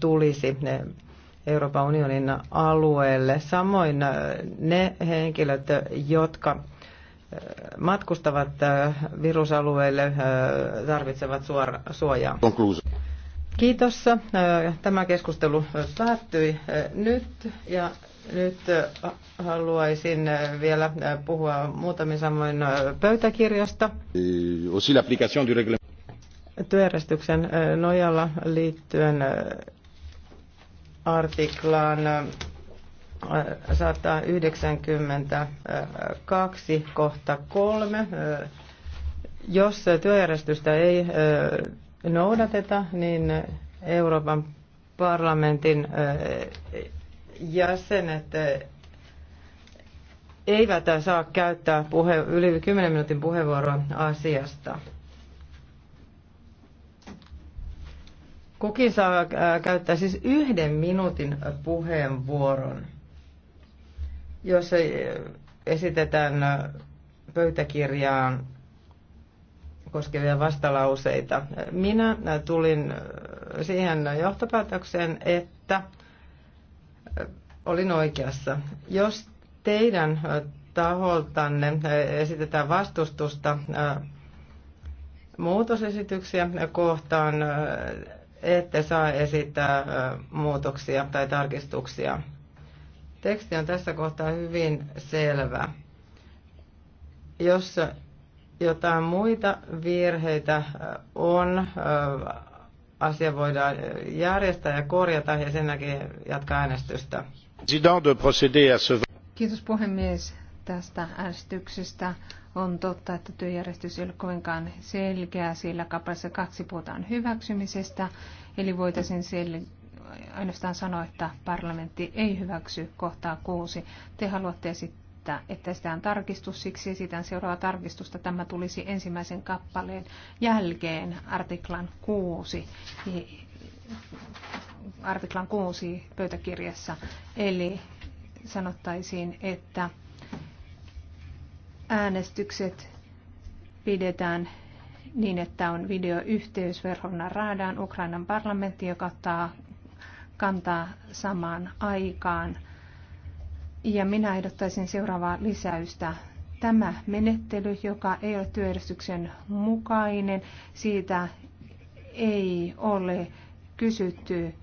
tulisi Euroopan unionin alueelle. Samoin äh, ne henkilöt, äh, jotka äh, matkustavat virusalueelle, tarvitsevat suojaa. Kiitos. Tämä keskustelu päättyi nyt ja nyt haluaisin vielä puhua muutamin samoin pöytäkirjasta työjärjestyksen nojalla liittyen artiklaan 192 kohta 3. Jos työjärjestystä ei noudateta, niin Euroopan parlamentin jäsenet eivät saa käyttää puhe, yli 10 minuutin puheenvuoroa asiasta. Kukin saa äh, käyttää siis yhden minuutin puheenvuoron, jossa äh, esitetään äh, pöytäkirjaan koskevia vastalauseita. Minä tulin siihen johtopäätökseen, että olin oikeassa. Jos teidän taholtanne esitetään vastustusta muutosesityksiä kohtaan, ette saa esittää muutoksia tai tarkistuksia. Teksti on tässä kohtaa hyvin selvä. Jos jotain muita virheitä on, asia voidaan järjestää ja korjata ja sen jatkaa äänestystä. Kiitos puhemies tästä äänestyksestä. On totta, että työjärjestys ei ole kovinkaan selkeä, sillä kappaleessa kaksi puhutaan hyväksymisestä, eli voitaisiin sel- ainoastaan sanoa, että parlamentti ei hyväksy kohtaa kuusi. Te haluatte esittää, että sitä on tarkistus, siksi esitän seuraava tarkistusta. Tämä tulisi ensimmäisen kappaleen jälkeen artiklan kuusi artiklan 6 pöytäkirjassa. Eli sanottaisiin, että äänestykset pidetään niin, että on videoyhteys Verhovna Raadaan Ukrainan parlamentti, joka ottaa kantaa samaan aikaan. Ja minä ehdottaisin seuraavaa lisäystä. Tämä menettely, joka ei ole työjärjestyksen mukainen, siitä ei ole kysytty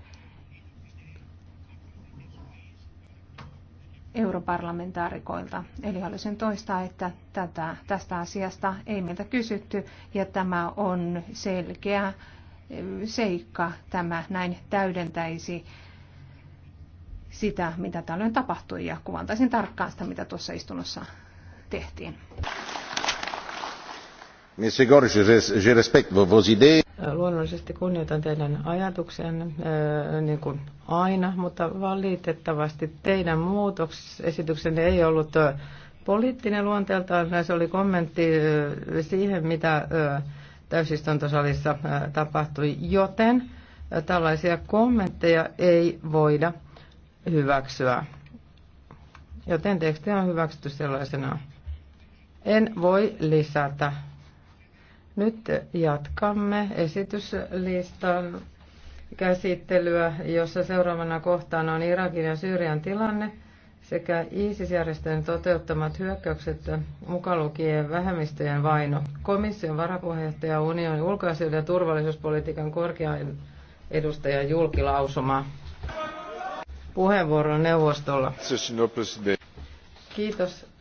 europarlamentaarikoilta. Eli haluaisin toistaa, että tätä, tästä asiasta ei meiltä kysytty ja tämä on selkeä seikka. Tämä näin täydentäisi sitä, mitä tällöin tapahtui ja kuvantaisin tarkkaan sitä, mitä tuossa istunnossa tehtiin. Äh, luonnollisesti kunnioitan teidän ajatuksenne äh, niin kuin aina, mutta valitettavasti teidän muutoksesityksenne ei ollut äh, poliittinen luonteeltaan. Se oli kommentti siihen, mitä täysistuntosalissa tapahtui, joten tällaisia kommentteja ei voida hyväksyä. Joten teksti on hyväksytty sellaisena. En voi lisätä nyt jatkamme esityslistan käsittelyä, jossa seuraavana kohtaan on Irakin ja Syyrian tilanne sekä ISIS-järjestön toteuttamat hyökkäykset mukaan lukien vähemmistöjen vaino. Komission varapuheenjohtaja unionin ulkoasioiden ja turvallisuuspolitiikan korkean edustajan julkilausuma. Puheenvuoro neuvostolla. Kiitos